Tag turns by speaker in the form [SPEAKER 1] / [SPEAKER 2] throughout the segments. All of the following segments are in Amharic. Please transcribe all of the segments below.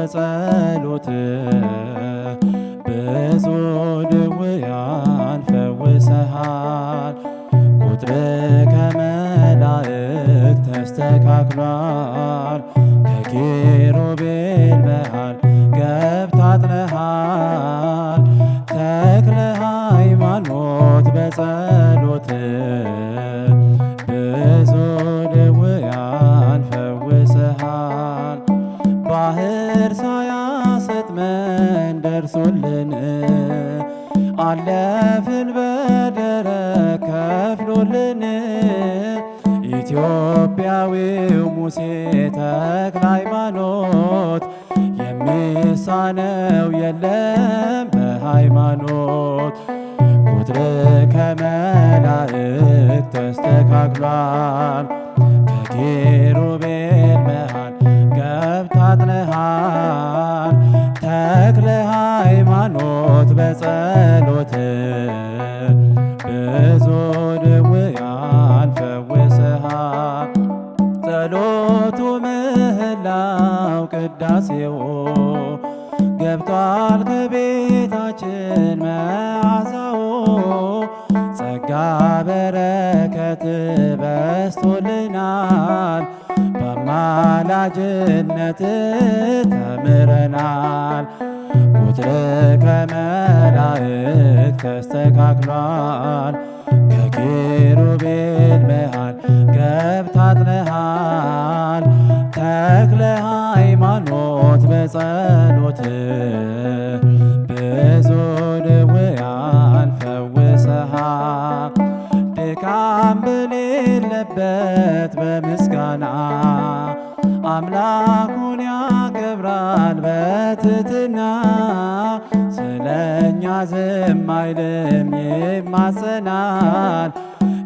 [SPEAKER 1] በጸሎት ብዙ ድውያን ፈውሰሃል። ቁጥር ከመላእክት ተስተካክሏል። ከኪሩቤል መሃል ገብታ አጥነሃል። ተክለ ሃይማኖት በጸሎት ሆኖልን ኢትዮጵያዊው ሙሴ ተክለ ሃይማኖት የሚሳነው የለም በሃይማኖት ቁጥር ከመላእክት ተስተካክሏል። ቅዳሴው ገብቷል ከቤታችን መዓዛው ጸጋ በረከት በስቶልናል በማላጅነት ተምረናል ቁጥር ከመላእክት ተስተካክሏል ከኪሩቤል መሃል ሰንበት በምስጋና አምላኩን ያከብራል በትትና ስለኛ ዝም አይልም ይማጸናል።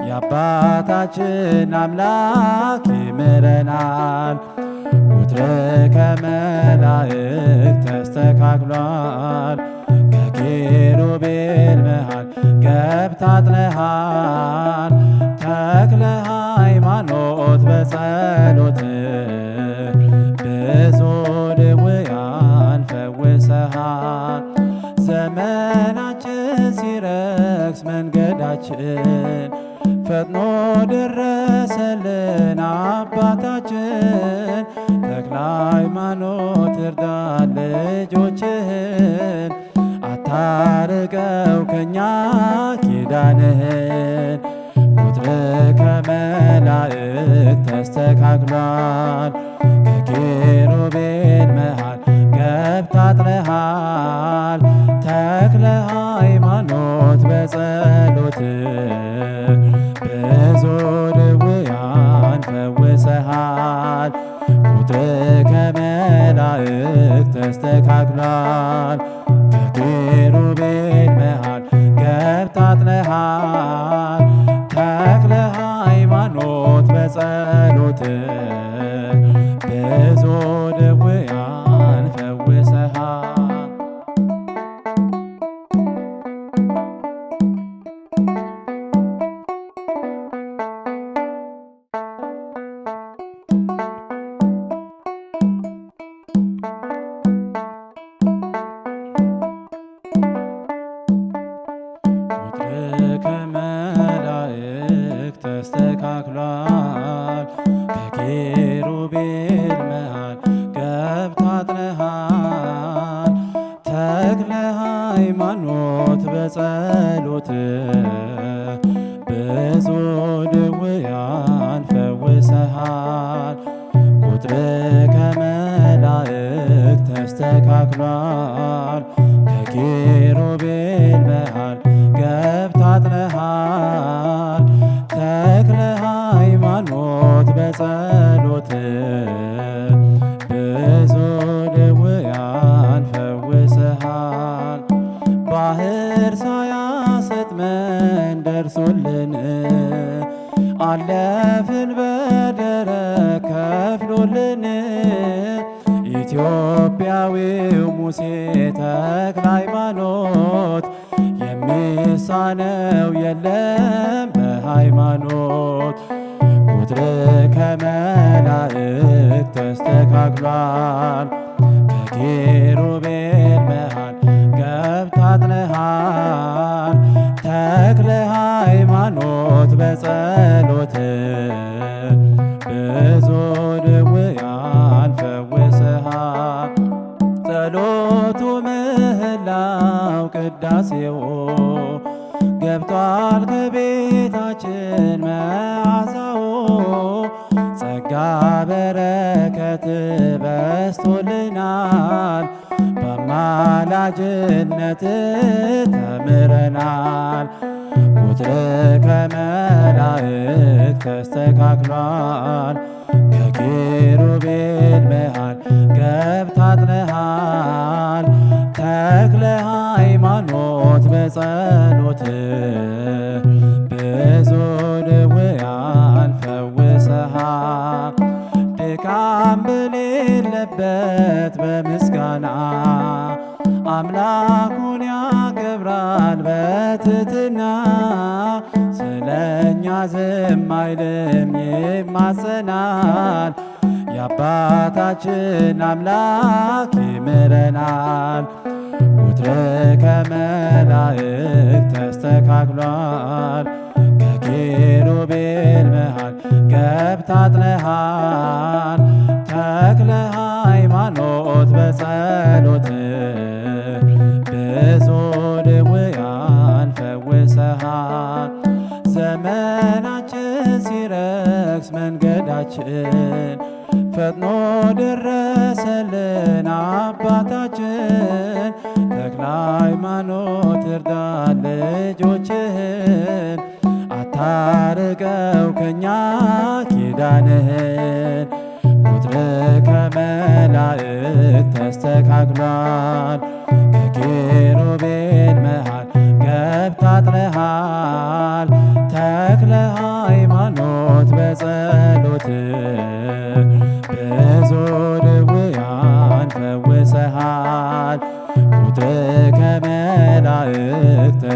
[SPEAKER 1] የአባታችን አምላክ ይምረናል። ቁጥር ከመላእክ ተስተካክሏል። ከኪሩቤል መሃል ገብታጥለሃል ተክለሃል በኪዳኖት በጸሎት ብዙ ድውያን ፈውሰሃል። ዘመናችን ሲረክስ መንገዳችን ፈጥኖ ደረሰልን አባታችን። ተክለ ሃይማኖት እርዳ ልጆችህን አታርቀው ከኛ ኪዳንህን ከመላእክ ተስተካክሏል ከኪሩቤል መሃል ገብታ ተክለ ሃይማኖት በጸሎት ብዙ ድውያን ፈውሰሃል ቁጥር ከመላእክ ተስተካክሏል ከኪሩቤል መሃል ገብታ ጸሎት ብዙ ጸሎት ብዙ ድውያን ፈውሰሃል። ቁጥር ከመላእክት ተስተካክሏል። ኢትዮጵያዊው ሙሴ ተክለ ሃይማኖት የሚሳነው የለም በሃይማኖት ቁጥር ከመላእክ ተስተካክሏል ከኪሩቤል መሃል ገብታትነሃል ተክለ ሃይማኖት በጸ ጸሎቱ ምህላው ቅዳሴው ገብቷል ከቤታችን መዓዛው ጸጋ በረከት በስቶልናል በማላጅነት ተምረናል ቁጥር ከመላእክት ተስተካክሏል ከኪሩቤል መሃል ገብታትነህ ተክለ ሃይማኖት በጸሎት ብዙ ድውያን ፈውሰሃ ድካም በሌለበት በምስጋና አምላኩን ያከብራል በትትና ስለኛ ዝም አይልም ይማጸናል። የአባታችን አምላክ ይምረናል። ፍቅረ መላእክት ተስተካክሏል። ትርዳ ልጆችህን አታርቀው ከኛ ኪዳንህን ቁጥር ከመላእክት ተስተካክሏል ከኪሩቤል መሃል ገብታ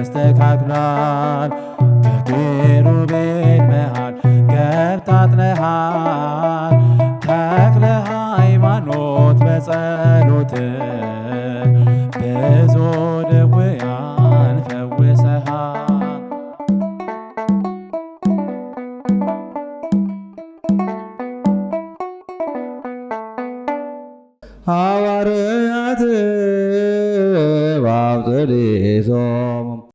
[SPEAKER 1] ተስተካክሏል።